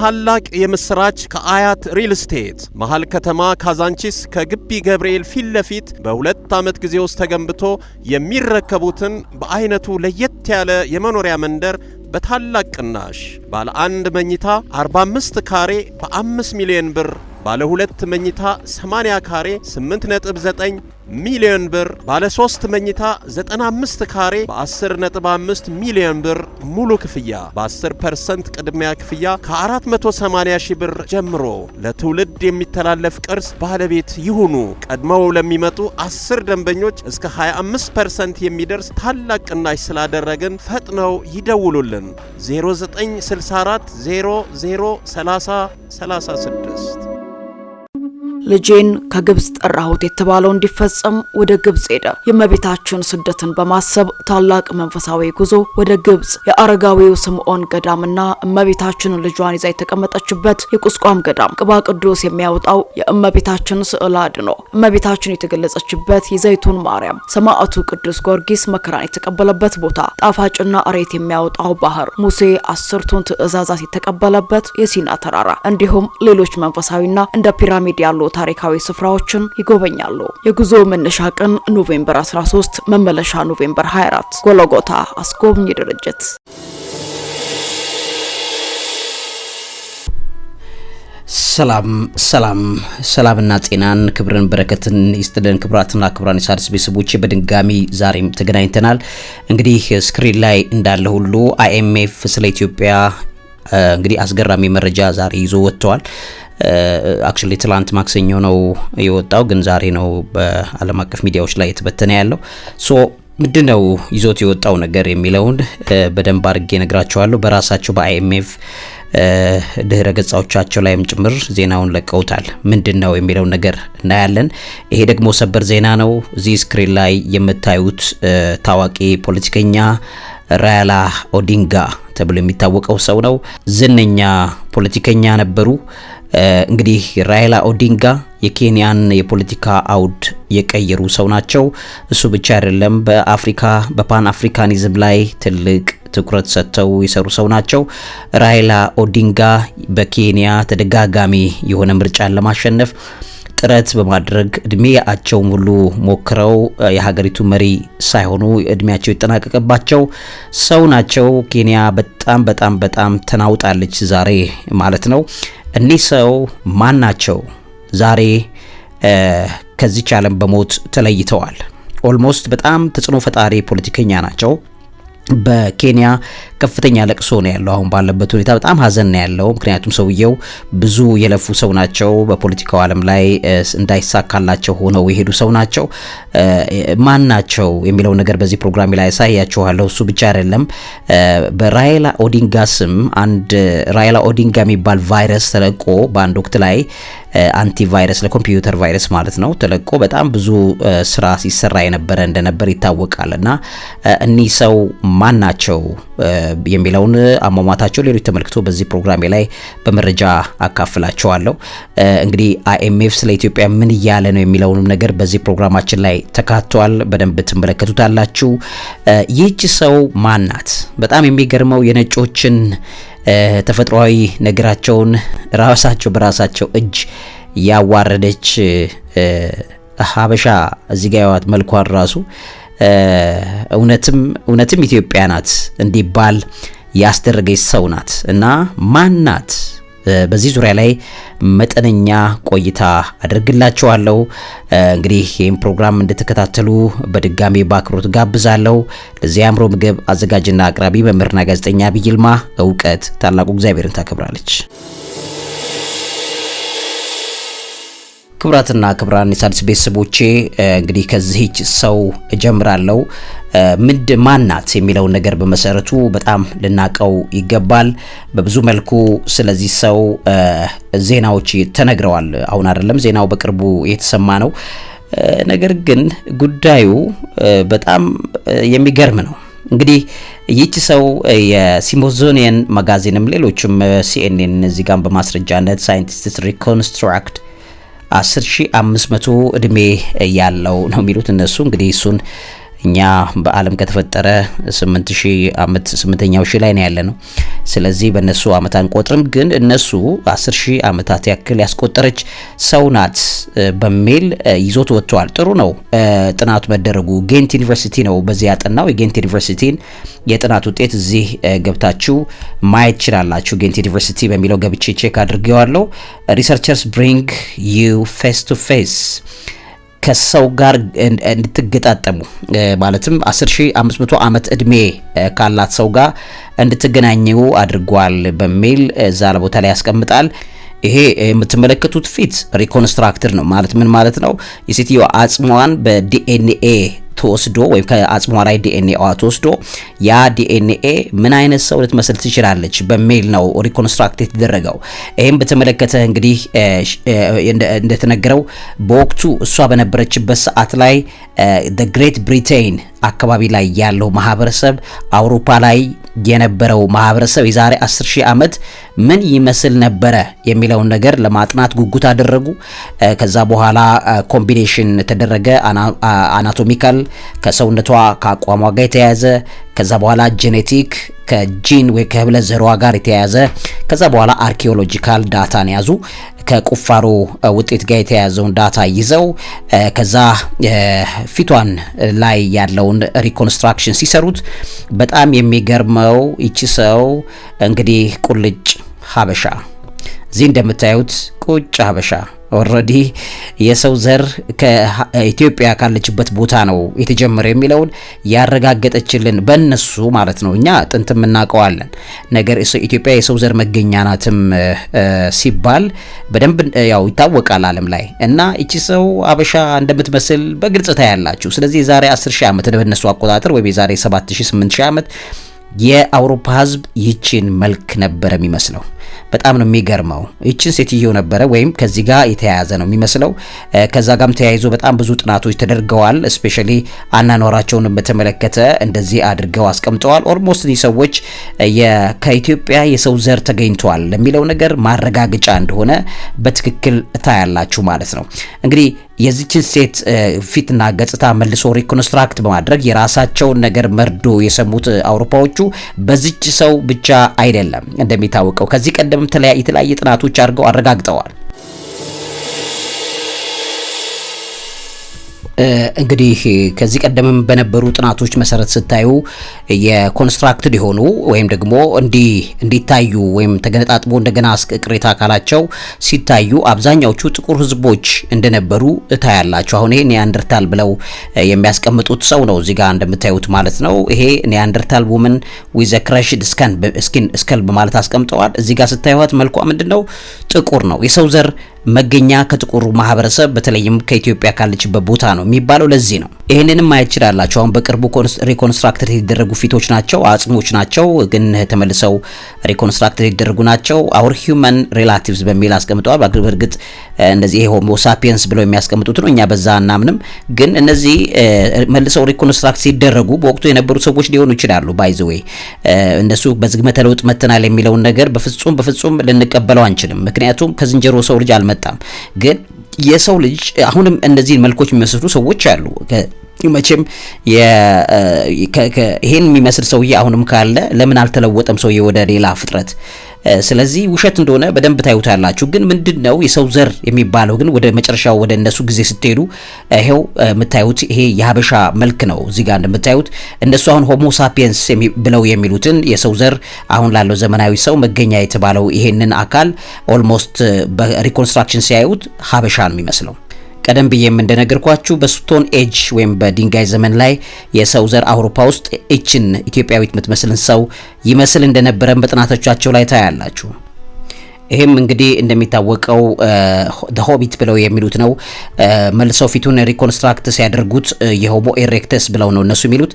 ታላቅ የምስራች ከአያት ሪል ስቴት መሃል ከተማ ካዛንቺስ ከግቢ ገብርኤል ፊት ለፊት በሁለት ዓመት ጊዜ ውስጥ ተገንብቶ የሚረከቡትን በአይነቱ ለየት ያለ የመኖሪያ መንደር በታላቅ ቅናሽ ባለ አንድ መኝታ 45 ካሬ በ5 ሚሊዮን ብር ባለ ሁለት መኝታ 80 ካሬ 8.9 ሚሊዮን ብር፣ ባለ 3 መኝታ 95 ካሬ በ10.5 ሚሊዮን ብር ሙሉ ክፍያ በ10% ቅድሚያ ክፍያ ከ480 ሺህ ብር ጀምሮ ለትውልድ የሚተላለፍ ቅርስ ባለቤት ይሁኑ። ቀድመው ለሚመጡ 10 ደንበኞች እስከ 25% የሚደርስ ታላቅ ቅናሽ ስላደረግን ፈጥነው ይደውሉልን 0964 0030 36 ልጄን ከግብፅ ጠራሁት የተባለው እንዲፈጸም ወደ ግብፅ ሄደ። የእመቤታችን ስደትን በማሰብ ታላቅ መንፈሳዊ ጉዞ ወደ ግብፅ የአረጋዊው ስምዖን ገዳምና እመቤታችን ልጇን ይዛ የተቀመጠችበት የቁስቋም ገዳም ቅባ ቅዱስ የሚያወጣው የእመቤታችን ስዕል አድኖ እመቤታችን የተገለጸችበት የዘይቱን ማርያም ሰማዕቱ ቅዱስ ጊዮርጊስ መከራን የተቀበለበት ቦታ ጣፋጭና እሬት የሚያወጣው ባህር ሙሴ አስርቱን ትእዛዛት የተቀበለበት የሲና ተራራ እንዲሁም ሌሎች መንፈሳዊና እንደ ፒራሚድ ያሉት ታሪካዊ ስፍራዎችን ይጎበኛሉ። የጉዞ መነሻ ቀን ኖቬምበር 13፣ መመለሻ ኖቬምበር 24። ጎለጎታ አስጎብኝ ድርጅት ሰላም ሰላም ሰላምና ጤናን ክብርን በረከትን ይስጥልን። ክብራትና ክብራን የሣድስ ቤተሰቦች በድንጋሚ ዛሬም ተገናኝተናል። እንግዲህ ስክሪን ላይ እንዳለ ሁሉ አይኤምኤፍ ስለ ኢትዮጵያ እንግዲህ አስገራሚ መረጃ ዛሬ ይዞ ወጥተዋል። አክቹሊ uh, ትላንት ማክሰኞ ነው የወጣው፣ ግን ዛሬ ነው በዓለም አቀፍ ሚዲያዎች ላይ የተበተነ ያለው። ሶ ምንድነው ይዞት የወጣው ነገር የሚለውን uh, በደንብ አድርጌ ነግራቸዋለሁ። በራሳቸው በአይኤምኤፍ uh, ድህረ ገጻዎቻቸው ላይም ጭምር ዜናውን ለቀውታል። ምንድን ነው የሚለው ነገር እናያለን። ይሄ ደግሞ ሰበር ዜና ነው። እዚህ ስክሪን ላይ የምታዩት ታዋቂ ፖለቲከኛ ራያላ ኦዲንጋ ተብሎ የሚታወቀው ሰው ነው። ዝነኛ ፖለቲከኛ ነበሩ። እንግዲህ ራይላ ኦዲንጋ የኬንያን የፖለቲካ አውድ የቀየሩ ሰው ናቸው። እሱ ብቻ አይደለም፣ በአፍሪካ በፓን አፍሪካኒዝም ላይ ትልቅ ትኩረት ሰጥተው የሰሩ ሰው ናቸው። ራይላ ኦዲንጋ በኬንያ ተደጋጋሚ የሆነ ምርጫን ለማሸነፍ ጥረት በማድረግ እድሜያቸውን ሁሉ ሞክረው የሀገሪቱ መሪ ሳይሆኑ እድሜያቸው ይጠናቀቅባቸው ሰው ናቸው። ኬንያ በጣም በጣም በጣም ተናውጣለች ዛሬ ማለት ነው። እኒህ ሰው ማን ናቸው? ዛሬ ከዚች ዓለም በሞት ተለይተዋል። ኦልሞስት በጣም ተጽዕኖ ፈጣሪ ፖለቲከኛ ናቸው። በኬንያ ከፍተኛ ለቅሶ ነው ያለው። አሁን ባለበት ሁኔታ በጣም ሀዘን ነው ያለው። ምክንያቱም ሰውየው ብዙ የለፉ ሰው ናቸው። በፖለቲካው ዓለም ላይ እንዳይሳካላቸው ሆነው የሄዱ ሰው ናቸው። ማን ናቸው የሚለው ነገር በዚህ ፕሮግራም ላይ ያሳያችኋለሁ። እሱ ብቻ አይደለም። በራይላ ኦዲንጋ ስም አንድ ራይላ ኦዲንጋ የሚባል ቫይረስ ተለቆ በአንድ ወቅት ላይ አንቲቫይረስ ለኮምፒውተር ቫይረስ ማለት ነው ተለቆ በጣም ብዙ ስራ ሲሰራ የነበረ እንደነበር ይታወቃል። እና እኒህ ሰው ማን ናቸው? የሚለውን አሟሟታቸው ሌሎች ተመልክቶ በዚህ ፕሮግራሜ ላይ በመረጃ አካፍላቸዋለሁ። እንግዲህ አይኤምኤፍ ስለ ኢትዮጵያ ምን እያለ ነው የሚለውንም ነገር በዚህ ፕሮግራማችን ላይ ተካቷል። በደንብ ትመለከቱታላችሁ። ይህች ሰው ማናት? በጣም የሚገርመው የነጮችን ተፈጥሯዊ ነገራቸውን ራሳቸው በራሳቸው እጅ ያዋረደች ሀበሻ እዚህ ጋ ያዋት መልኳን ራሱ እውነትም እውነትም ኢትዮጵያ ናት እንዲባል ያስደረገች ሰው ናት እና ማን ናት? በዚህ ዙሪያ ላይ መጠነኛ ቆይታ አድርግላችኋለሁ። እንግዲህ ይህም ፕሮግራም እንድትከታተሉ በድጋሚ በአክብሮት ጋብዛለሁ። ለዚህ አእምሮ ምግብ አዘጋጅና አቅራቢ መምህርና ጋዜጠኛ ዐቢይ ይልማ። እውቀት ታላቁ እግዚአብሔርን ታከብራለች። ክብራትና ክብራን የሣድስ ቤተሰቦቼ እንግዲህ ከዚህች ሰው እጀምራለሁ። ምንድ ማናት የሚለውን ነገር በመሰረቱ በጣም ልናቀው ይገባል። በብዙ መልኩ ስለዚህ ሰው ዜናዎች ተነግረዋል። አሁን አይደለም ዜናው በቅርቡ የተሰማ ነው። ነገር ግን ጉዳዩ በጣም የሚገርም ነው። እንግዲህ ይቺ ሰው የሲሞዞኒየን ማጋዚንም ሌሎችም ሲኤንኤን እዚህ ጋር በማስረጃነት ሳይንቲስት ሪኮንስትራክት 10500 እድሜ ያለው ነው የሚሉት እነሱ እንግዲህ እሱን እኛ በዓለም ከተፈጠረ 8000 ዓመት 8ኛው ሺህ ላይ ነው ያለ ነው። ስለዚህ በእነሱ ዓመት አንቆጥርም፣ ግን እነሱ 10000 ዓመታት ያክል ያስቆጠረች ሰው ናት በሚል ይዞት ወጥቷል። ጥሩ ነው ጥናቱ መደረጉ። ጌንት ዩኒቨርሲቲ ነው በዚህ ያጠናው። የጌንት ዩኒቨርሲቲን የጥናት ውጤት እዚህ ገብታችሁ ማየት ትችላላችሁ። ጌንት ዩኒቨርሲቲ በሚለው ገብቼ ቼክ አድርጌዋለሁ። ሪሰርቸርስ ብሪንግ ዩ ፌስ ቱ ፌስ ከሰው ጋር እንድትገጣጠሙ ማለትም 10500 ዓመት እድሜ ካላት ሰው ጋር እንድትገናኙ አድርጓል በሚል እዛ ቦታ ላይ ያስቀምጣል። ይሄ የምትመለከቱት ፊት ሪኮንስትራክትድ ነው ማለት ምን ማለት ነው? የሴትዮዋ አጽሟን በዲኤንኤ ተወስዶ ወይም ከአጽሟራዊ ዲኤንኤዋ ተወስዶ ያ ዲኤንኤ ምን አይነት ሰው ልትመስል ትችላለች በሚል ነው ሪኮንስትራክት የተደረገው። ይህም በተመለከተ እንግዲህ እንደተነገረው በወቅቱ እሷ በነበረችበት ሰዓት ላይ ግሬት ብሪቴን አካባቢ ላይ ያለው ማህበረሰብ አውሮፓ ላይ የነበረው ማህበረሰብ የዛሬ 10 ሺህ ዓመት ምን ይመስል ነበረ የሚለውን ነገር ለማጥናት ጉጉት አደረጉ። ከዛ በኋላ ኮምቢኔሽን ተደረገ። አናቶሚካል ከሰውነቷ ከአቋሟ ጋር የተያያዘ ከዛ በኋላ ጄኔቲክ ከጂን ወይ ከህብለ ዘሯ ጋር የተያያዘ ከዛ በኋላ አርኪኦሎጂካል ዳታን ያዙ። ከቁፋሮ ውጤት ጋር የተያያዘውን ዳታ ይዘው ከዛ ፊቷን ላይ ያለውን ሪኮንስትራክሽን ሲሰሩት በጣም የሚገርመው ይቺ ሰው እንግዲህ ቁልጭ ሀበሻ እዚህ እንደምታዩት ቁጭ ሀበሻ ኦልሬዲ የሰው ዘር ከኢትዮጵያ ካለችበት ቦታ ነው የተጀመረ የሚለውን ያረጋገጠችልን በእነሱ ማለት ነው። እኛ ጥንትም እናውቀዋለን። ነገር ኢትዮጵያ የሰው ዘር መገኛ ናትም ሲባል በደንብ ያው ይታወቃል ዓለም ላይ እና እቺ ሰው አበሻ እንደምትመስል በግልጽ ታያላችሁ። ስለዚህ የዛሬ 10 ሺህ ዓመት በእነሱ አቆጣጠር ወይም የዛሬ 7 8 ሺህ ዓመት የአውሮፓ ህዝብ ይችን መልክ ነበር የሚመስለው። በጣም ነው የሚገርመው። ይችን ሴትዮ ነበረ ወይም ከዚህ ጋር የተያያዘ ነው የሚመስለው። ከዛ ጋም ተያይዞ በጣም ብዙ ጥናቶች ተደርገዋል። ስፔሻሊ አናኗራቸውን በተመለከተ እንደዚህ አድርገው አስቀምጠዋል። ኦልሞስት እኒህ ሰዎች ከኢትዮጵያ የሰው ዘር ተገኝተዋል ለሚለው ነገር ማረጋገጫ እንደሆነ በትክክል ታያላችሁ ማለት ነው እንግዲህ የዚችን ሴት ፊትና ገጽታ መልሶ ሪኮንስትራክት በማድረግ የራሳቸውን ነገር መርዶ የሰሙት አውሮፓዎቹ በዚች ሰው ብቻ አይደለም። እንደሚታወቀው ከዚህ ቀደምም የተለያየ ጥናቶች አድርገው አረጋግጠዋል። እንግዲህ ከዚህ ቀደምም በነበሩ ጥናቶች መሰረት ስታዩ የኮንስትራክትድ የሆኑ ወይም ደግሞ እንዲታዩ ወይም ተገነጣጥቦ እንደገና ቅሬታ አካላቸው ሲታዩ አብዛኛዎቹ ጥቁር ህዝቦች እንደነበሩ እታያላቸው። አሁን ይሄ ኒያንደርታል ብለው የሚያስቀምጡት ሰው ነው እዚህ ጋር እንደምታዩት ማለት ነው። ይሄ ኒያንደርታል ውመን ዊዝ ክራሽድ ስኪን ስከል በማለት አስቀምጠዋል። እዚህ ጋር ስታዩት መልኳ ምንድነው? ጥቁር ነው። የሰው ዘር መገኛ ከጥቁሩ ማህበረሰብ በተለይም ከኢትዮጵያ ካለችበት ቦታ ነው የሚባለው ለዚህ ነው። ይህንንም ማየት ይችላላችሁ። አሁን በቅርቡ ሪኮንስትራክተር የተደረጉ ፊቶች ናቸው፣ አጽሞች ናቸው፣ ግን ተመልሰው ሪኮንስትራክተር የተደረጉ ናቸው። አውር ሂውማን ሪላቲቭስ በሚል አስቀምጠዋል። በእርግጥ እነዚህ ሆሞ ሳፒየንስ ብለው የሚያስቀምጡት ነው፣ እኛ በዛ አናምንም። ግን እነዚህ መልሰው ሪኮንስትራክት ሲደረጉ በወቅቱ የነበሩ ሰዎች ሊሆኑ ይችላሉ። ዘ ዌይ እነሱ በዝግመተ ለውጥ መተናል የሚለውን ነገር በፍጹም በፍጹም ልንቀበለው አንችልም። ምክንያቱም ከዝንጀሮ ሰው ልጅ አልመጣም ግን የሰው ልጅ አሁንም እነዚህን መልኮች የሚመስሉ ሰዎች አሉ። መቼም ይሄን የሚመስል ሰውዬ አሁንም ካለ ለምን አልተለወጠም? ሰውዬ ወደ ሌላ ፍጥረት ስለዚህ ውሸት እንደሆነ በደንብ ታዩታላችሁ። ግን ምንድን ነው የሰው ዘር የሚባለው ግን ወደ መጨረሻው ወደ እነሱ ጊዜ ስትሄዱ ይሄው የምታዩት ይሄ የሀበሻ መልክ ነው። እዚህ ጋር እንደምታዩት እነሱ አሁን ሆሞ ሳፒየንስ ብለው የሚሉትን የሰው ዘር አሁን ላለው ዘመናዊ ሰው መገኛ የተባለው ይሄንን አካል ኦልሞስት በሪኮንስትራክሽን ሲያዩት ሀበሻ ነው የሚመስለው። ቀደም ብዬም እንደነገርኳችሁ በስቶን ኤጅ ወይም በድንጋይ ዘመን ላይ የሰው ዘር አውሮፓ ውስጥ እችን ኢትዮጵያዊት የምትመስልን ሰው ይመስል እንደነበረም በጥናቶቻቸው ላይ ታያላችሁ። ይህም እንግዲህ እንደሚታወቀው ሆቢት ብለው የሚሉት ነው። መልሰው ፊቱን ሪኮንስትራክት ሲያደርጉት የሆሞ ኤሬክተስ ብለው ነው እነሱ የሚሉት።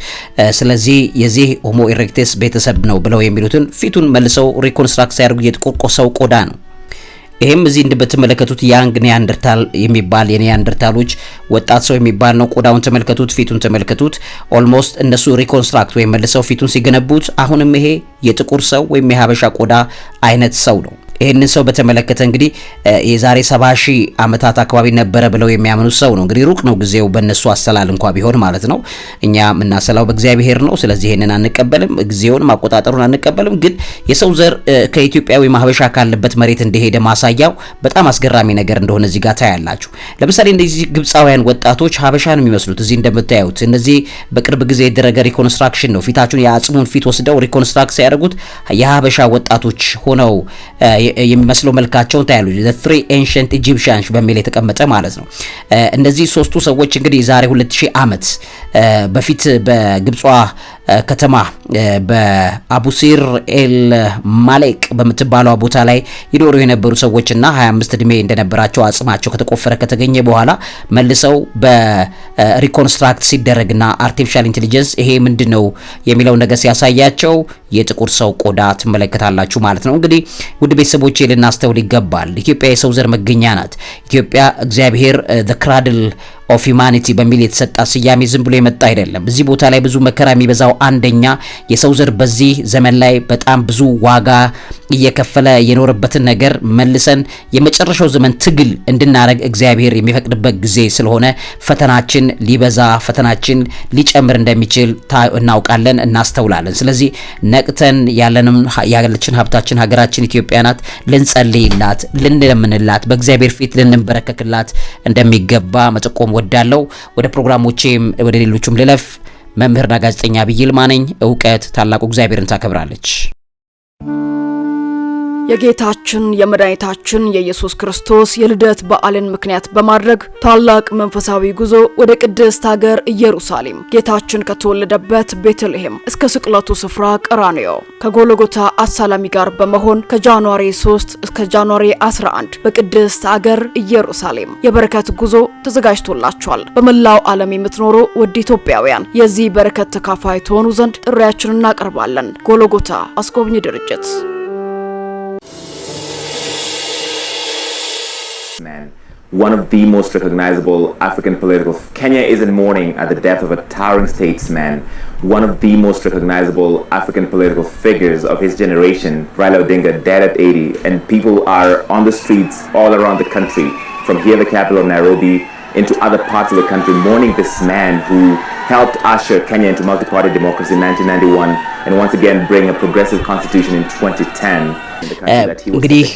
ስለዚህ የዚህ ሆሞ ኤሬክተስ ቤተሰብ ነው ብለው የሚሉትን ፊቱን መልሰው ሪኮንስትራክት ሲያደርጉ የጥቁር ሰው ቆዳ ነው። ይህም እዚህ እንደምትመለከቱት ያንግ ኒያንደርታል የሚባል የኒያንደርታሎች ወጣት ሰው የሚባል ነው። ቆዳውን ተመልከቱት፣ ፊቱን ተመልከቱት። ኦልሞስት እነሱ ሪኮንስትራክት ወይም መልሰው ፊቱን ሲገነቡት፣ አሁንም ይሄ የጥቁር ሰው ወይም የሀበሻ ቆዳ አይነት ሰው ነው። ይህንን ሰው በተመለከተ እንግዲህ የዛሬ ሰባ ሺህ ዓመታት አካባቢ ነበረ ብለው የሚያምኑት ሰው ነው። እንግዲህ ሩቅ ነው ጊዜው በእነሱ አሰላል እንኳ ቢሆን ማለት ነው። እኛ የምናሰላው በእግዚአብሔር ነው። ስለዚህ ይህንን አንቀበልም፣ ጊዜውን ማቆጣጠሩን አንቀበልም። ግን የሰው ዘር ከኢትዮጵያዊ ማህበሻ ካለበት መሬት እንደሄደ ማሳያው በጣም አስገራሚ ነገር እንደሆነ እዚህ ጋር ታያላችሁ። ለምሳሌ እነዚህ ግብፃውያን ወጣቶች ሀበሻ ነው የሚመስሉት እዚህ እንደምታዩት። እነዚህ በቅርብ ጊዜ የደረገ ሪኮንስትራክሽን ነው። ፊታችሁን የአጽሙን ፊት ወስደው ሪኮንስትራክት ሲያደርጉት የሀበሻ ወጣቶች ሆነው የሚመስሉ መልካቸውን ታያሉ። ዘ ትሪ ኤንሽንት ኢጂፕሽያንስ በሚል የተቀመጠ ማለት ነው። እነዚህ ሶስቱ ሰዎች እንግዲህ ዛሬ 2000 ዓመት በፊት በግብጿ ከተማ በአቡሲር ኤል ማሌቅ በምትባለው ቦታ ላይ ይኖሩ የነበሩ ሰዎችና 25 እድሜ እንደነበራቸው አጽማቸው ከተቆፈረ ከተገኘ በኋላ መልሰው በሪኮንስትራክት ሲደረግና አርቲፊሻል ኢንቴሊጀንስ ይሄ ምንድን ነው የሚለው ነገር ሲያሳያቸው የጥቁር ሰው ቆዳ ትመለከታላችሁ ማለት ነው። እንግዲህ ውድ ቤተሰቦቼ ልናስተውል ይገባል። ኢትዮጵያ የሰው ዘር መገኛ ናት። ኢትዮጵያ እግዚአብሔር ዘ ክራድል ኦፍ ሂውማኒቲ በሚል የተሰጣ ስያሜ ዝም ብሎ የመጣ አይደለም። እዚህ ቦታ ላይ ብዙ መከራ የሚበዛው አንደኛ የሰው ዘር በዚህ ዘመን ላይ በጣም ብዙ ዋጋ እየከፈለ የኖረበትን ነገር መልሰን የመጨረሻው ዘመን ትግል እንድናረግ እግዚአብሔር የሚፈቅድበት ጊዜ ስለሆነ ፈተናችን ሊበዛ ፈተናችን ሊጨምር እንደሚችል እናውቃለን፣ እናስተውላለን። ስለዚህ ነቅተን ያለንም ያለችን ሀብታችን ሀገራችን ኢትዮጵያ ናት። ልንጸልይላት፣ ልንለምንላት፣ በእግዚአብሔር ፊት ልንበረከክላት እንደሚገባ መጠቆሙ ወዳለው። ወደ ፕሮግራሞቼም ወደ ሌሎቹም ልለፍ። መምህርና ጋዜጠኛ ዐቢይ ይልማ ነኝ። እውቀት ታላቁ እግዚአብሔርን ታከብራለች። የጌታችን የመድኃኒታችን የኢየሱስ ክርስቶስ የልደት በዓልን ምክንያት በማድረግ ታላቅ መንፈሳዊ ጉዞ ወደ ቅድስት ሀገር ኢየሩሳሌም ጌታችን ከተወለደበት ቤተልሔም እስከ ስቅለቱ ስፍራ ቀራንዮ ከጎሎጎታ አሳላሚ ጋር በመሆን ከጃንዋሪ 3 እስከ ጃንዋሪ 11 በቅድስት ሀገር ኢየሩሳሌም የበረከት ጉዞ ተዘጋጅቶላችኋል። በመላው ዓለም የምትኖሩ ውድ ኢትዮጵያውያን የዚህ በረከት ተካፋይ ትሆኑ ዘንድ ጥሪያችንን እናቀርባለን። ጎሎጎታ አስጎብኝ ድርጅት one of the most recognizable African political. Kenya is in mourning at the death of a towering statesman, one of the most recognizable African political figures of his generation, Raila Odinga, dead at 80, and people are on the streets all around the country, from here, the capital of Nairobi, into other parts of the country, mourning this man who helped usher Kenya into multi-party democracy in 1991, and once again bring a progressive constitution in 2010. እንግዲህ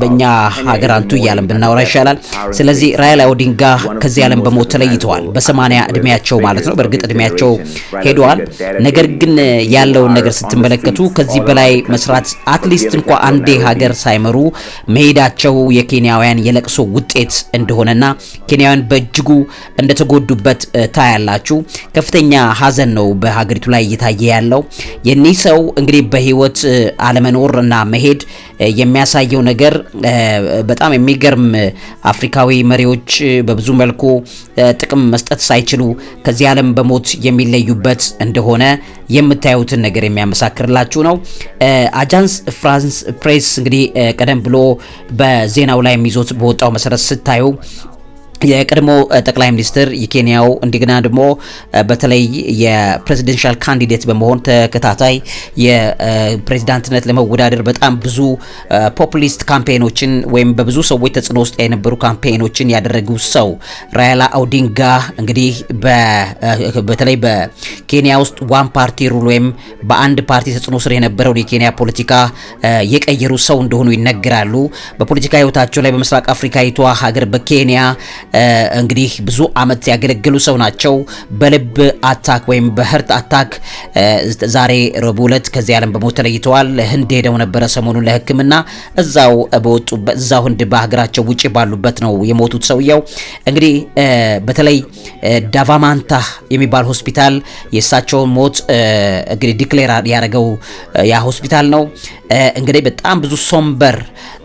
በእኛ ሀገር አንቱ እያለን ብናወራ ይሻላል። ስለዚህ ራይላ ኦዲንጋ ከዚህ ዓለም በሞት ተለይተዋል። በሰማንያ እድሜያቸው ማለት ነው። በእርግጥ እድሜያቸው ሄደዋል። ነገር ግን ያለውን ነገር ስትመለከቱ ከዚህ በላይ መስራት አትሊስት እንኳ አንዴ ሀገር ሳይመሩ መሄዳቸው የኬንያውያን የለቅሶ ውጤት እንደሆነና ኬንያውያን በእጅጉ እንደተጎዱበት ታያላችሁ። ከፍተኛ ሀዘን ነው በሀገሪቱ ላይ እየታየ ያለው። የኒህ ሰው እንግዲህ በህይወት አለመኖር እና መሄድ መሄድ የሚያሳየው ነገር በጣም የሚገርም አፍሪካዊ መሪዎች በብዙ መልኩ ጥቅም መስጠት ሳይችሉ ከዚህ ዓለም በሞት የሚለዩበት እንደሆነ የምታዩትን ነገር የሚያመሳክርላችሁ ነው። አጃንስ ፍራንስ ፕሬስ እንግዲህ ቀደም ብሎ በዜናው ላይ የሚዞት በወጣው መሰረት ስታዩ የቀድሞ ጠቅላይ ሚኒስትር የኬንያው እንደገና ደግሞ በተለይ የፕሬዚደንሻል ካንዲዴት በመሆን ተከታታይ የፕሬዚዳንትነት ለመወዳደር በጣም ብዙ ፖፑሊስት ካምፔኖችን ወይም በብዙ ሰዎች ተጽዕኖ ውስጥ የነበሩ ካምፔኖችን ያደረጉ ሰው ራያላ ኦዲንጋ እንግዲህ በተለይ በኬንያ ውስጥ ዋን ፓርቲ ሩል ወይም በአንድ ፓርቲ ተጽዕኖ ስር የነበረውን የኬንያ ፖለቲካ የቀየሩ ሰው እንደሆኑ ይነገራሉ። በፖለቲካ ህይወታቸው ላይ በምስራቅ አፍሪካዊቷ ሀገር በኬንያ እንግዲህ ብዙ አመት ያገለገሉ ሰው ናቸው። በልብ አታክ ወይም በህርት አታክ ዛሬ ረቡዕ ዕለት ከዚህ ዓለም በሞት ተለይተዋል። ህንድ ሄደው ነበረ ሰሞኑን ለህክምና እዛው በወጡ እዛው ህንድ በሀገራቸው ውጪ ባሉበት ነው የሞቱት። ሰውየው እንግዲህ በተለይ ዳቫማንታ የሚባል ሆስፒታል የእሳቸውን ሞት እንግዲህ ዲክሌር ያደረገው ያ ሆስፒታል ነው። እንግዲህ በጣም ብዙ ሶምበር፣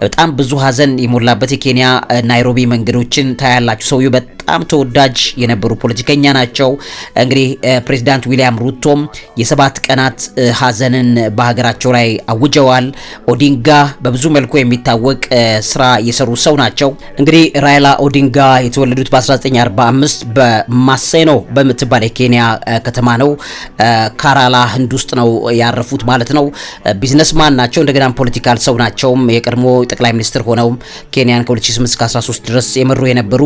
በጣም ብዙ ሀዘን የሞላበት የኬንያ ናይሮቢ መንገዶችን ታያላቸው So you bet በጣም ተወዳጅ የነበሩ ፖለቲከኛ ናቸው። እንግዲህ ፕሬዚዳንት ዊሊያም ሩቶም የሰባት ቀናት ሀዘንን በሀገራቸው ላይ አውጀዋል። ኦዲንጋ በብዙ መልኩ የሚታወቅ ስራ የሰሩ ሰው ናቸው። እንግዲህ ራይላ ኦዲንጋ የተወለዱት በ1945 በማሴኖ በምትባል የኬንያ ከተማ ነው፣ ካራላ ህንድ ውስጥ ነው ያረፉት ማለት ነው። ቢዝነስማን ናቸው። እንደገና ፖለቲካል ሰው ናቸውም። የቀድሞ ጠቅላይ ሚኒስትር ሆነው ኬንያን ከ2008 እስከ 13 ድረስ የመሩ የነበሩ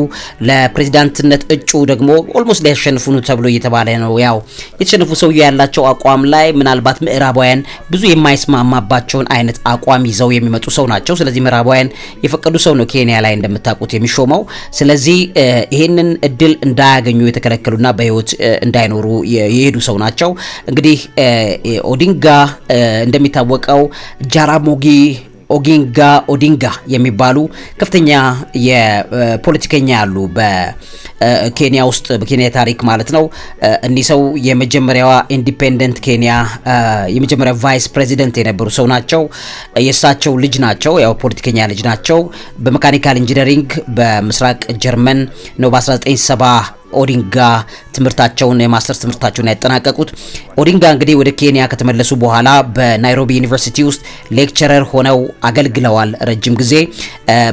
ለፕሬዚዳንት ፕሬዚዳንትነት እጩ ደግሞ ኦልሞስት ሊያሸንፉ ነው ተብሎ እየተባለ ነው። ያው የተሸነፉ ሰውዬው ያላቸው አቋም ላይ ምናልባት ምዕራባውያን ብዙ የማይስማማባቸውን አይነት አቋም ይዘው የሚመጡ ሰው ናቸው። ስለዚህ ምዕራባውያን የፈቀዱ ሰው ነው ኬንያ ላይ እንደምታውቁት የሚሾመው። ስለዚህ ይህንን እድል እንዳያገኙ የተከለከሉና በህይወት እንዳይኖሩ የሄዱ ሰው ናቸው። እንግዲህ ኦዲንጋ እንደሚታወቀው ጃራሞጊ ኦጊንጋ ኦዲንጋ የሚባሉ ከፍተኛ የፖለቲከኛ ያሉ በኬንያ ውስጥ በኬንያ ታሪክ ማለት ነው። እኒህ ሰው የመጀመሪያዋ ኢንዲፔንደንት ኬንያ የመጀመሪያ ቫይስ ፕሬዚደንት የነበሩ ሰው ናቸው። የእሳቸው ልጅ ናቸው። ያው ፖለቲከኛ ልጅ ናቸው። በመካኒካል ኢንጂነሪንግ በምስራቅ ጀርመን ነው በ1970 ኦዲንጋ ትምህርታቸውን የማስተርስ ትምህርታቸውን ያጠናቀቁት። ኦዲንጋ እንግዲህ ወደ ኬንያ ከተመለሱ በኋላ በናይሮቢ ዩኒቨርሲቲ ውስጥ ሌክቸረር ሆነው አገልግለዋል ረጅም ጊዜ።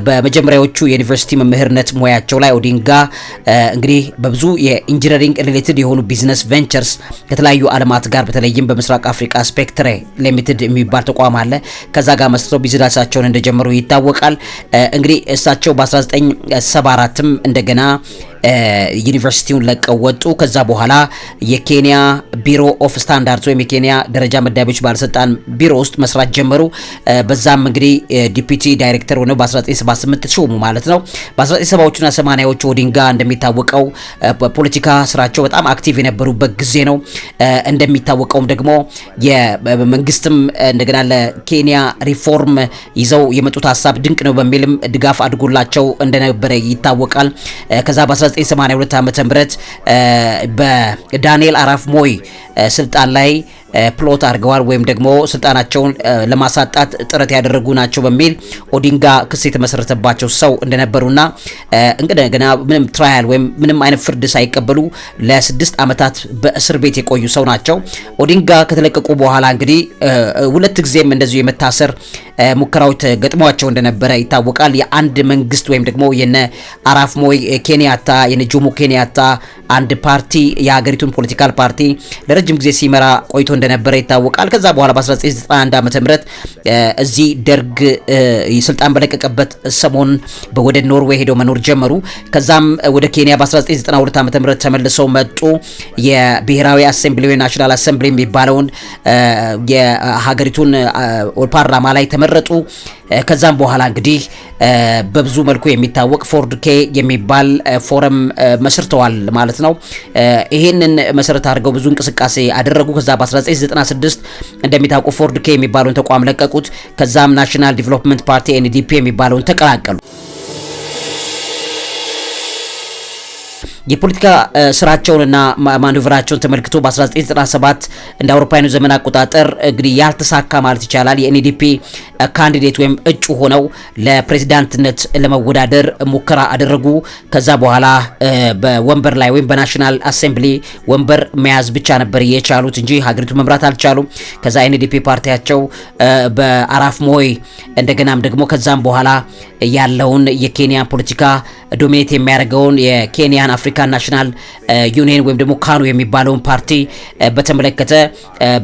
በመጀመሪያዎቹ የዩኒቨርሲቲ መምህርነት ሙያቸው ላይ ኦዲንጋ እንግዲህ በብዙ የኢንጂነሪንግ ሪሌትድ የሆኑ ቢዝነስ ቬንቸርስ ከተለያዩ አለማት ጋር በተለይም በምስራቅ አፍሪካ ስፔክትሬ ሊሚትድ የሚባል ተቋም አለ ከዛ ጋር መስርተው ቢዝነሳቸውን እንደጀመሩ ይታወቃል። እንግዲህ እሳቸው በ1974ም እንደገና ዩኒቨርሲቲውን ለቀው ወጡ። ከዛ በኋላ የኬንያ ቢሮ ኦፍ ስታንዳርድስ ወይም የኬንያ ደረጃ መዳቢዎች ባለስልጣን ቢሮ ውስጥ መስራት ጀመሩ። በዛም እንግዲህ ዲፒቲ ዳይሬክተር ሆነው በ1978 ተሾሙ ማለት ነው። በ1970ዎቹና 80ዎቹ ኦዲንጋ እንደሚታወቀው በፖለቲካ ስራቸው በጣም አክቲቭ የነበሩበት ጊዜ ነው። እንደሚታወቀውም ደግሞ የመንግስትም እንደገና ለኬንያ ሪፎርም ይዘው የመጡት ሀሳብ ድንቅ ነው በሚልም ድጋፍ አድርጎላቸው እንደነበረ ይታወቃል። ከዛ በ 1982 ዓ ም በዳንኤል አራፍ ሞይ ስልጣን ላይ ፕሎት አድርገዋል ወይም ደግሞ ስልጣናቸውን ለማሳጣት ጥረት ያደረጉ ናቸው በሚል ኦዲንጋ ክስ የተመሰረተባቸው ሰው እንደነበሩና እንደገና ምንም ትራያል ወይም ምንም አይነት ፍርድ ሳይቀበሉ ለስድስት ዓመታት በእስር ቤት የቆዩ ሰው ናቸው። ኦዲንጋ ከተለቀቁ በኋላ እንግዲህ ሁለት ጊዜም እንደዚሁ የመታሰር ሙከራዎች ገጥሟቸው እንደነበረ ይታወቃል። የአንድ መንግስት ወይም ደግሞ የነ አራፍ ሞይ ኬንያታ የነ ጆሞ ኬንያታ አንድ ፓርቲ የሀገሪቱን ፖለቲካል ፓርቲ ለረጅም ጊዜ ሲመራ ቆይቶ እንደነበረ ይታወቃል። ከዛ በኋላ በ1991 ዓ ም እዚህ ደርግ ስልጣን በለቀቀበት ሰሞን ወደ ኖርዌይ ሄደው መኖር ጀመሩ። ከዛም ወደ ኬንያ በ1992 ዓ ም ተመልሰው መጡ። የብሔራዊ አሴምብሊ ወይ ናሽናል አሴምብሊ የሚባለውን የሀገሪቱን ፓርላማ ላይ ተመረጡ። ከዛም በኋላ እንግዲህ በብዙ መልኩ የሚታወቅ ፎርድ ኬ የሚባል ፎረም መስርተዋል ማለት ነው። ይህንን መሰረት አድርገው ብዙ እንቅስቃሴ አደረጉ። ከዛ በ1996 እንደሚታወቁ ፎርድ ኬ የሚባለውን ተቋም ለቀቁት። ከዛም ናሽናል ዲቨሎፕመንት ፓርቲ ኤንዲፒ የሚባለውን ተቀላቀሉ። የፖለቲካ ስራቸውንና ማኑቨራቸውን ተመልክቶ በ1997 እንደ አውሮፓውያኑ ዘመን አቆጣጠር እንግዲህ ያልተሳካ ማለት ይቻላል የኤንዲፒ ካንዲዴት ወይም እጩ ሆነው ለፕሬዚዳንትነት ለመወዳደር ሙከራ አደረጉ። ከዛ በኋላ በወንበር ላይ ወይም በናሽናል አሴምብሊ ወንበር መያዝ ብቻ ነበር የቻሉት እንጂ ሀገሪቱ መምራት አልቻሉም። ከዛ ኤንዲፒ ፓርቲያቸው በአራፍ ሞይ እንደገናም ደግሞ ከዛም በኋላ ያለውን የኬንያን ፖለቲካ ዶሚኔት የሚያደርገውን የኬንያን አፍሪካ አፍሪካ ናሽናል ዩኒየን ወይም ደግሞ ካኑ የሚባለውን ፓርቲ በተመለከተ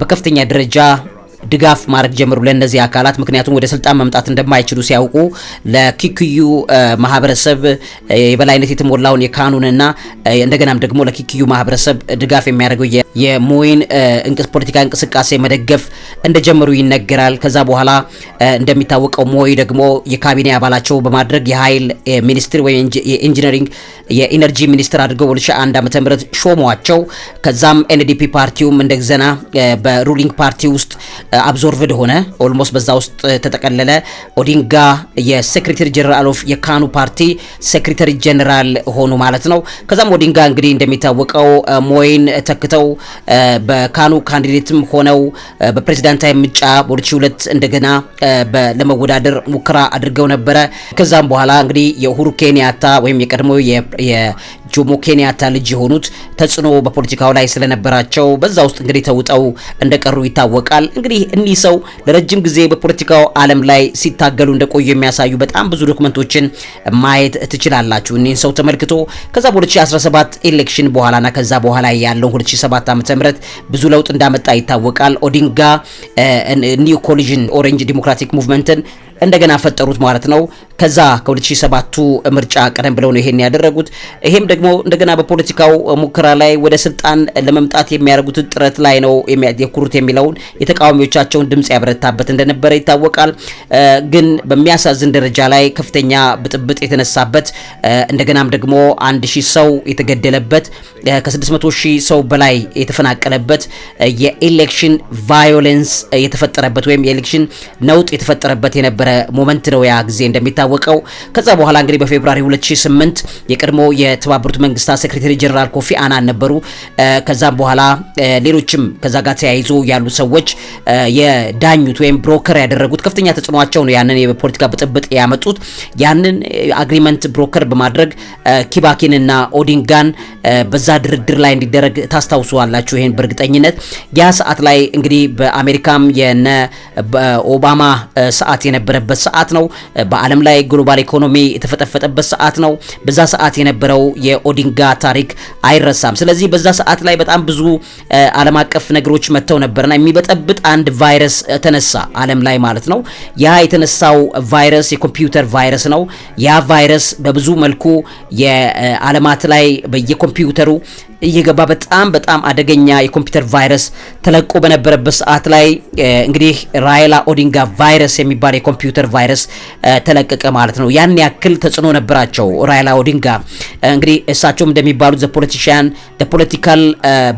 በከፍተኛ ደረጃ ድጋፍ ማድረግ ጀምሩ ለእነዚህ አካላት። ምክንያቱም ወደ ስልጣን መምጣት እንደማይችሉ ሲያውቁ ለኪክዩ ማህበረሰብ የበላይነት የተሞላውን የካኑንና እንደገናም ደግሞ ለኪክዩ ማህበረሰብ ድጋፍ የሚያደርገው የሞይን ፖለቲካ እንቅስቃሴ መደገፍ እንደጀመሩ ይነገራል። ከዛ በኋላ እንደሚታወቀው ሞይ ደግሞ የካቢኔ አባላቸው በማድረግ የኃይል ሚኒስትር ወይም የኢንጂነሪንግ የኢነርጂ ሚኒስትር አድርገው 2001 ም ሾመዋቸው። ከዛም ኤንዲፒ ፓርቲውም እንደገና በሩሊንግ ፓርቲ ውስጥ አብዞርቭድ ሆነ፣ ኦልሞስት በዛ ውስጥ ተጠቀለለ። ኦዲንጋ የሴክሬታሪ ጀነራል ኦፍ የካኑ ፓርቲ ሴክሬታሪ ጀነራል ሆኑ ማለት ነው። ከዛም ኦዲንጋ እንግዲህ እንደሚታወቀው ሞይን ተክተው በካኑ ካንዲዴትም ሆነው በፕሬዝዳንታዊ ምርጫ በ2002 እንደገና ለመወዳደር ሙከራ አድርገው ነበረ። ከዛም በኋላ እንግዲህ የሁሩ ኬንያታ ወይም የቀድሞ ጆሞ ኬንያታ ልጅ የሆኑት ተጽዕኖ በፖለቲካው ላይ ስለነበራቸው በዛ ውስጥ እንግዲህ ተውጠው እንደቀሩ ይታወቃል። እንግዲህ እኒህ ሰው ለረጅም ጊዜ በፖለቲካው ዓለም ላይ ሲታገሉ እንደቆዩ የሚያሳዩ በጣም ብዙ ዶክመንቶችን ማየት ትችላላችሁ። እኒህን ሰው ተመልክቶ ከዛ በ2017 ኤሌክሽን በኋላና ከዛ በኋላ ያለው 2007 ዓ.ም ብዙ ለውጥ እንዳመጣ ይታወቃል። ኦዲንጋ ኒው ኮሊዥን ኦሬንጅ ዲሞክራቲክ ሙቭመንትን እንደገና ፈጠሩት ማለት ነው። ከዛ ከ2007ቱ ምርጫ ቀደም ብለው ነው ይሄን ያደረጉት። ይሄም ደግሞ እንደገና በፖለቲካው ሙከራ ላይ ወደ ስልጣን ለመምጣት የሚያደርጉትን ጥረት ላይ ነው የኩሩት የሚለውን የተቃዋሚዎቻቸውን ድምጽ ያበረታበት እንደነበረ ይታወቃል። ግን በሚያሳዝን ደረጃ ላይ ከፍተኛ ብጥብጥ የተነሳበት እንደገናም ደግሞ 1000 ሰው የተገደለበት ከ600 ሺህ ሰው በላይ የተፈናቀለበት የኤሌክሽን ቫዮለንስ የተፈጠረበት ወይም የኤሌክሽን ነውጥ የተፈጠረበት የነበረ የነበረ ሞመንት ነው ያ ጊዜ እንደሚታወቀው። ከዛ በኋላ እንግዲህ በፌብራሪ 2008 የቀድሞ የተባበሩት መንግስታት ሴክሬታሪ ጀነራል ኮፊ አናን ነበሩ። ከዛም በኋላ ሌሎችም ከዛ ጋር ተያይዞ ያሉ ሰዎች የዳኙት ወይም ብሮከር ያደረጉት ከፍተኛ ተጽኗቸው ነው ያንን የፖለቲካ ብጥብጥ ያመጡት። ያንን አግሪመንት ብሮከር በማድረግ ኪባኪንና ኦዲንጋን በዛ ድርድር ላይ እንዲደረግ ታስታውሱዋላችሁ። ይሄን በእርግጠኝነት ያ ሰዓት ላይ እንግዲህ በአሜሪካም የነ ኦባማ ሰዓት የነበረ የነበረበት ሰዓት ነው። በዓለም ላይ ግሎባል ኢኮኖሚ የተፈጠፈጠበት ሰዓት ነው። በዛ ሰዓት የነበረው የኦዲንጋ ታሪክ አይረሳም። ስለዚህ በዛ ሰዓት ላይ በጣም ብዙ ዓለም አቀፍ ነገሮች መጥተው ነበርና የሚበጠብጥ አንድ ቫይረስ ተነሳ ዓለም ላይ ማለት ነው። ያ የተነሳው ቫይረስ የኮምፒውተር ቫይረስ ነው። ያ ቫይረስ በብዙ መልኩ የዓለማት ላይ በየኮምፒውተሩ እየገባ በጣም በጣም አደገኛ የኮምፒውተር ቫይረስ ተለቆ በነበረበት ሰዓት ላይ እንግዲህ ራይላ ኦዲንጋ ቫይረስ የሚባል የኮምፒ የኮምፒውተር ቫይረስ ተለቀቀ ማለት ነው። ያን ያክል ተጽዕኖ ነበራቸው ራይላ ኦዲንጋ። እንግዲህ እሳቸውም እንደሚባሉት ዘፖለቲሽያን ፖለቲካል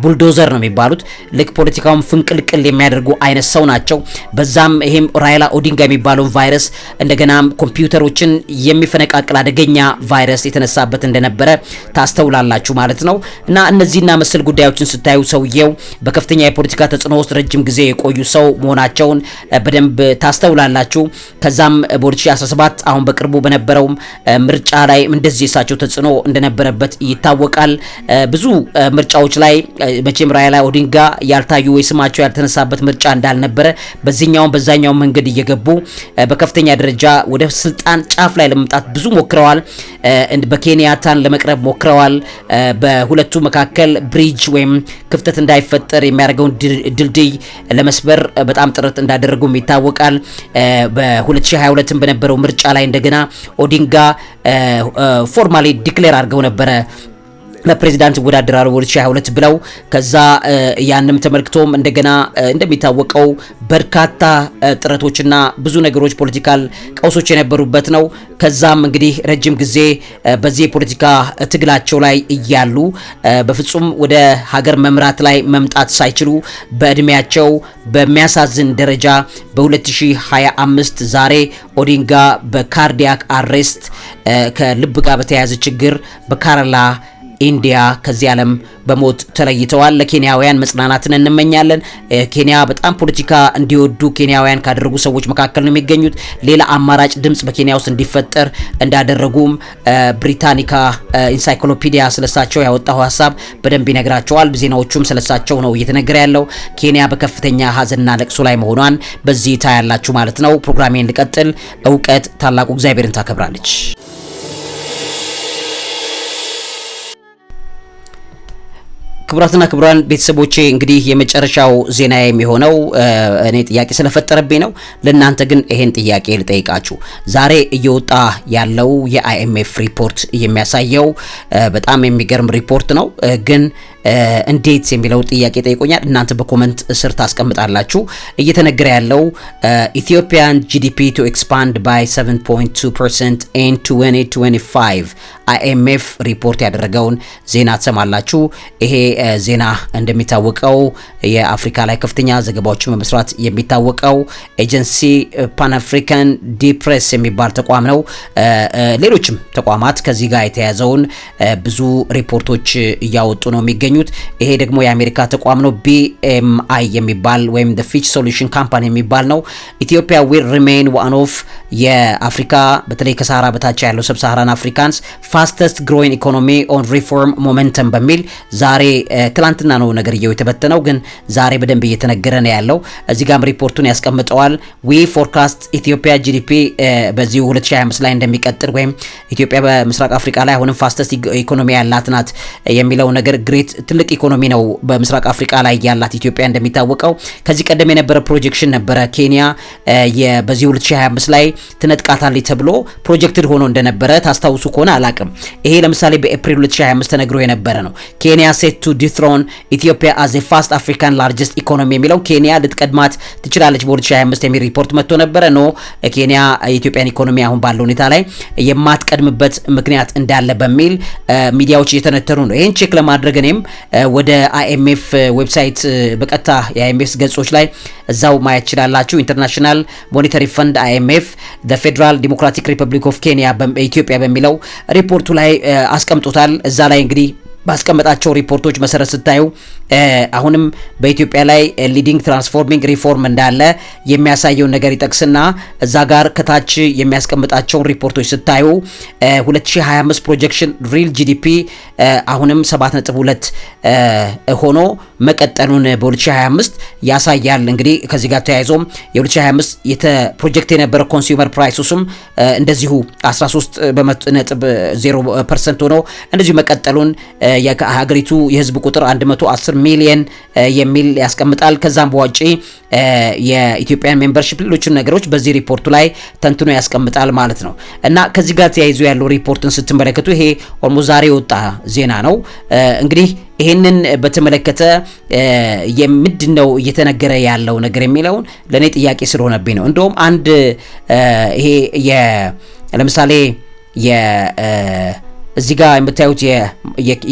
ቡልዶዘር ነው የሚባሉት። ልክ ፖለቲካውን ፍንቅልቅል የሚያደርጉ አይነት ሰው ናቸው። በዛም ይሄም ራይላ ኦዲንጋ የሚባለው ቫይረስ እንደገና ኮምፒውተሮችን የሚፈነቃቅል አደገኛ ቫይረስ የተነሳበት እንደነበረ ታስተውላላችሁ ማለት ነው። እና እነዚህና መሰል ጉዳዮችን ስታዩ ሰውየው በከፍተኛ የፖለቲካ ተጽዕኖ ውስጥ ረጅም ጊዜ የቆዩ ሰው መሆናቸውን በደንብ ታስተውላላችሁ። ከዛም በ2017 አሁን በቅርቡ በነበረው ምርጫ ላይ እንደዚህ የሳቸው ተጽዕኖ እንደነበረበት ይታወቃል። ብዙ ምርጫዎች ላይ መቼም ራይላ ኦዲንጋ ያልታዩ ወይ ስማቸው ያልተነሳበት ምርጫ እንዳልነበረ በዚህኛውም በዛኛው መንገድ እየገቡ በከፍተኛ ደረጃ ወደ ስልጣን ጫፍ ላይ ለመምጣት ብዙ ሞክረዋል። በኬንያታን ለመቅረብ ሞክረዋል። በሁለቱ መካከል ብሪጅ ወይም ክፍተት እንዳይፈጠር የሚያደርገውን ድልድይ ለመስበር በጣም ጥረት እንዳደረጉም ይታወቃል። 2022ም በነበረው ምርጫ ላይ እንደገና ኦዲንጋ ፎርማሊ ዲክሌር አድርገው ነበረ ፕሬዚዳንት ይወዳደራሉ 2022 ብለው ከዛ ያንም ተመልክቶም እንደገና እንደሚታወቀው በርካታ ጥረቶችና ብዙ ነገሮች ፖለቲካል ቀውሶች የነበሩበት ነው። ከዛም እንግዲህ ረጅም ጊዜ በዚህ የፖለቲካ ትግላቸው ላይ እያሉ በፍጹም ወደ ሀገር መምራት ላይ መምጣት ሳይችሉ በእድሜያቸው በሚያሳዝን ደረጃ በ2025 ዛሬ ኦዲንጋ በካርዲያክ አሬስት ከልብ ጋር በተያያዘ ችግር በካራላ ኢንዲያ ከዚህ ዓለም በሞት ተለይተዋል። ለኬንያውያን መጽናናትን እንመኛለን። ኬንያ በጣም ፖለቲካ እንዲወዱ ኬንያውያን ካደረጉ ሰዎች መካከል ነው የሚገኙት። ሌላ አማራጭ ድምጽ በኬንያ ውስጥ እንዲፈጠር እንዳደረጉም ብሪታኒካ ኢንሳይክሎፒዲያ ስለሳቸው ያወጣው ሀሳብ በደንብ ይነግራቸዋል። ዜናዎቹም ስለሳቸው ነው እየተነገረ ያለው። ኬንያ በከፍተኛ ሀዘንና ለቅሶ ላይ መሆኗን በዚህ ታያላችሁ ማለት ነው። ፕሮግራሜን ልቀጥል። እውቀት ታላቁ እግዚአብሔርን ታከብራለች። ክቡራትና ክቡራን ቤተሰቦቼ እንግዲህ የመጨረሻው ዜና የሚሆነው እኔ ጥያቄ ስለፈጠረብኝ ነው። ለእናንተ ግን ይሄን ጥያቄ ልጠይቃችሁ። ዛሬ እየወጣ ያለው የአይኤምኤፍ ሪፖርት የሚያሳየው በጣም የሚገርም ሪፖርት ነው ግን እንዴት የሚለው ጥያቄ ጠይቆኛል። እናንተ በኮመንት ስር ታስቀምጣላችሁ። እየተነገረ ያለው ኢትዮጵያን ጂዲፒ ቱ ኤክስፓንድ ባይ 7.2 ፐርሰንት 2025 አይኤምኤፍ ሪፖርት ያደረገውን ዜና ትሰማላችሁ። ይሄ ዜና እንደሚታወቀው የአፍሪካ ላይ ከፍተኛ ዘገባዎችን በመስራት የሚታወቀው ኤጀንሲ ፓን አፍሪካን ዲፕሬስ የሚባል ተቋም ነው። ሌሎችም ተቋማት ከዚህ ጋር የተያዘውን ብዙ ሪፖርቶች እያወጡ ነው የሚገኙ የሚገኙት። ይሄ ደግሞ የአሜሪካ ተቋም ነው ቢኤምአይ የሚባል ወይም ደ ፊች ሶሉሽን ካምፓኒ የሚባል ነው። ኢትዮጵያ ዊል ሪሜን ዋን ኦፍ የአፍሪካ በተለይ ከሳህራ በታች ያለው ሰብ አፍሪካንስ ፋስተስት ግሮይን ኢኮኖሚ ኦን ሪፎርም ሞመንተም በሚል ዛሬ ትላንትና ነው ነገርየው የተበተነው፣ ግን ዛሬ በደንብ እየተነገረ ነው ያለው። እዚህ ጋም ሪፖርቱን ያስቀምጠዋል። ዊ ፎርካስት ኢትዮጵያ ጂዲፒ በዚሁ 2025 ላይ እንደሚቀጥል ወይም ኢትዮጵያ በምስራቅ አፍሪካ ላይ አሁንም ፋስተስት ኢኮኖሚ ያላት ናት የሚለው ነገር ግሬት ትልቅ ኢኮኖሚ ነው በምስራቅ አፍሪካ ላይ ያላት ኢትዮጵያ። እንደሚታወቀው ከዚህ ቀደም የነበረ ፕሮጀክሽን ነበረ ኬንያ በዚህ 2025 ላይ ትነጥቃታለች ተብሎ ፕሮጀክትድ ሆኖ እንደነበረ ታስታውሱ ከሆነ አላቅም። ይሄ ለምሳሌ በኤፕሪል 2025 ተነግሮ የነበረ ነው። ኬንያ ሴት ቱ ዲትሮን ኢትዮጵያ አዝ ፋስት አፍሪካን ላርጀስት ኢኮኖሚ የሚለው ኬንያ ልትቀድማት ትችላለች በ2025 የሚል ሪፖርት መጥቶ ነበረ። ኖ ኬንያ የኢትዮጵያን ኢኮኖሚ አሁን ባለው ሁኔታ ላይ የማትቀድምበት ምክንያት እንዳለ በሚል ሚዲያዎች እየተነተሩ ነው። ይህን ቼክ ለማድረግ እኔም ወደ አይኤምኤፍ ዌብሳይት በቀጥታ የአይኤምኤፍ ገጾች ላይ እዛው ማየት ይችላላችሁ። ኢንተርናሽናል ሞኔተሪ ፈንድ አይኤምኤፍ ፌዴራል ዲሞክራቲክ ሪፐብሊክ ኦፍ ኬንያ ኢትዮጵያ በሚለው ሪፖርቱ ላይ አስቀምጦታል። እዛ ላይ እንግዲህ ባስቀመጣቸው ሪፖርቶች መሰረት ስታዩ አሁንም በኢትዮጵያ ላይ ሊዲንግ ትራንስፎርሚንግ ሪፎርም እንዳለ የሚያሳየውን ነገር ይጠቅስና እዛ ጋር ከታች የሚያስቀምጣቸውን ሪፖርቶች ስታዩ 2025 ፕሮጀክሽን ሪል ጂዲፒ አሁንም 7.2 ሆኖ መቀጠሉን በ2025 ያሳያል። እንግዲህ ከዚህ ጋር ተያይዞም የ2025 የተፕሮጀክት የነበረ ኮንሱመር ፕራይሱስም እንደዚሁ 13 ነጥብ 0 ፐርሰንት ሆኖ እንደዚሁ መቀጠሉን የሀገሪቱ የህዝብ ቁጥር 110 ሚሊየን የሚል ያስቀምጣል። ከዛም በውጪ የኢትዮጵያን ሜምበርሺፕ፣ ሌሎችን ነገሮች በዚህ ሪፖርቱ ላይ ተንትኖ ያስቀምጣል ማለት ነው እና ከዚህ ጋር ተያይዞ ያለው ሪፖርትን ስትመለከቱ ይሄ ኦልሞ ዛሬ የወጣ ዜና ነው እንግዲህ ይህንን በተመለከተ ምንድን ነው እየተነገረ ያለው ነገር የሚለውን ለእኔ ጥያቄ ስለሆነብኝ ነው። እንደውም አንድ ይሄ ለምሳሌ እዚህ ጋር የምታዩት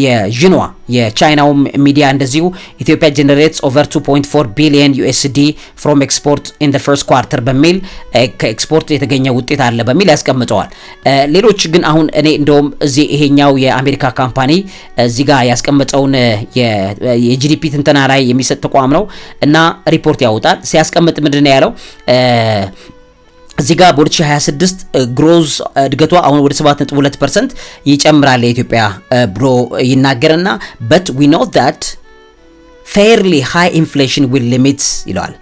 የዥንዋ የቻይናው ሚዲያ እንደዚሁ ኢትዮጵያ ጀነሬትስ ኦቨር 2.4 ቢሊየን ዩኤስዲ ፍሮም ኤክስፖርት ኢን ዘ ፈርስት ኳርተር በሚል eh, ከኤክስፖርት የተገኘ ውጤት አለ በሚል ያስቀምጠዋል። eh, ሌሎች ግን አሁን እኔ እንደውም እዚህ ይሄኛው የአሜሪካ ካምፓኒ eh, እዚህ ጋር ያስቀመጠውን የጂዲፒ ትንተና ላይ የሚሰጥ ተቋም ነው እና ሪፖርት ያወጣል። ሲያስቀምጥ ምንድን ነው ያለው? እዚህ ጋር በ2026 ግሮዝ uh, uh, እድገቷ አሁን ወደ 7.2 ፐርሰንት ይጨምራል የኢትዮጵያ uh, ብሎ ይናገርና በት ዊ ኖ ት ፌርሊ ሃይ ኢንፍሌሽን ዊል ሊሚት ይለዋል።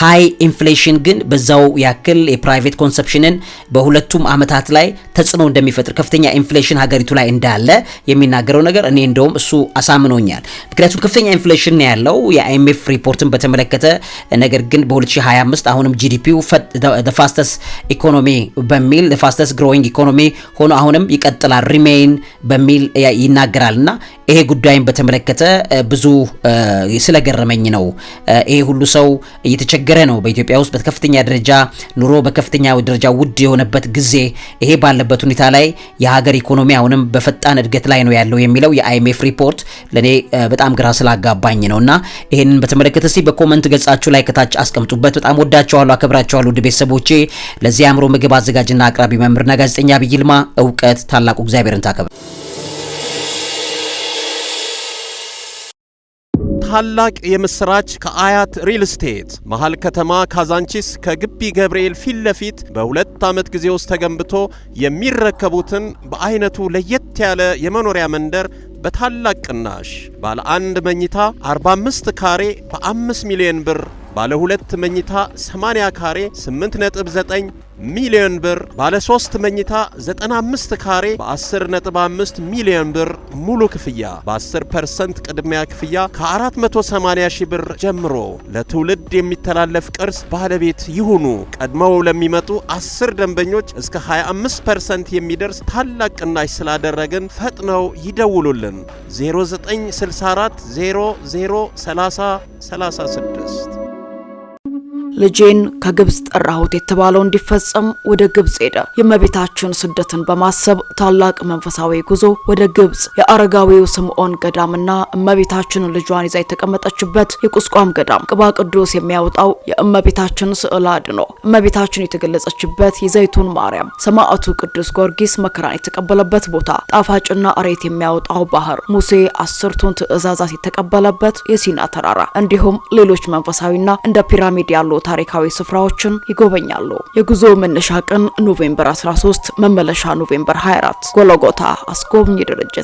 ሃይ ኢንፍሌሽን ግን በዛው ያክል የፕራይቬት ኮንሰፕሽንን በሁለቱም አመታት ላይ ተጽዕኖ እንደሚፈጥር ከፍተኛ ኢንፍሌሽን ሀገሪቱ ላይ እንዳለ የሚናገረው ነገር እኔ እንደውም እሱ አሳምኖኛል። ምክንያቱም ከፍተኛ ኢንፍሌሽን ነው ያለው የአይኤምኤፍ ሪፖርትን በተመለከተ። ነገር ግን በ2025 አሁንም ጂዲፒው ፋስተስ ኢኮኖሚ በሚል ፋስተስ ግሮዊንግ ኢኮኖሚ ሆኖ አሁንም ይቀጥላል ሪሜይን በሚል ይናገራል። እና ይሄ ጉዳይን በተመለከተ ብዙ ስለገረመኝ ነው ይሄ ሁሉ ሰው እየተቸገ እየተቸገረ ነው። በኢትዮጵያ ውስጥ በከፍተኛ ደረጃ ኑሮ በከፍተኛ ደረጃ ውድ የሆነበት ጊዜ ይሄ ባለበት ሁኔታ ላይ የሀገር ኢኮኖሚ አሁንም በፈጣን እድገት ላይ ነው ያለው የሚለው የአይኤምኤፍ ሪፖርት ለእኔ በጣም ግራ ስላጋባኝ ነው እና ይህንን በተመለከተ እስቲ በኮመንት ገጻችሁ ላይ ከታች አስቀምጡበት። በጣም ወዳቸዋለሁ፣ አከብራቸዋለሁ ውድ ቤተሰቦቼ። ለዚህ አእምሮ ምግብ አዘጋጅና አቅራቢ መምህርና ጋዜጠኛ ዐቢይ ይልማ እውቀት ታላቁ እግዚአብሔርን ታከብር ታላቅ የምስራች ከአያት ሪል ስቴት መሃል ከተማ ካዛንቺስ ከግቢ ገብርኤል ፊት ለፊት በሁለት ዓመት ጊዜ ውስጥ ተገንብቶ የሚረከቡትን በአይነቱ ለየት ያለ የመኖሪያ መንደር በታላቅ ቅናሽ ባለ አንድ መኝታ 45 ካሬ በ5 ሚሊዮን ብር፣ ባለ ሁለት መኝታ 80 ካሬ 8.9 ሚሊዮን ብር፣ ባለ 3 መኝታ 95 ካሬ በ10.5 ሚሊዮን ብር ሙሉ ክፍያ በ10% ቅድሚያ ክፍያ ከ480 ሺህ ብር ጀምሮ ለትውልድ የሚተላለፍ ቅርስ ባለቤት ይሁኑ። ቀድመው ለሚመጡ 10 ደንበኞች እስከ 25% የሚደርስ ታላቅ ቅናሽ ስላደረግን ፈጥነው ይደውሉልን 0964 0030 36 ልጄን ከግብፅ ጠራሁት የተባለው እንዲፈጸም ወደ ግብፅ ሄደ። የእመቤታችን ስደትን በማሰብ ታላቅ መንፈሳዊ ጉዞ ወደ ግብፅ የአረጋዊው ስምዖን ገዳምና እመቤታችን ልጇን ይዛ የተቀመጠችበት የቁስቋም ገዳም ቅባ ቅዱስ የሚያወጣው የእመቤታችን ስዕል አድኖ እመቤታችን የተገለጸችበት የዘይቱን ማርያም ሰማዕቱ ቅዱስ ጊዮርጊስ መከራን የተቀበለበት ቦታ ጣፋጭና እሬት የሚያወጣው ባህር ሙሴ አስርቱን ትእዛዛት የተቀበለበት የሲና ተራራ እንዲሁም ሌሎች መንፈሳዊና እንደ ፒራሚድ ያሉት ታሪካዊ ስፍራዎችን ይጎበኛሉ። የጉዞ መነሻ ቀን ኖቬምበር 13፣ መመለሻ ኖቬምበር 24። ጎሎጎታ አስጎብኝ ድርጅት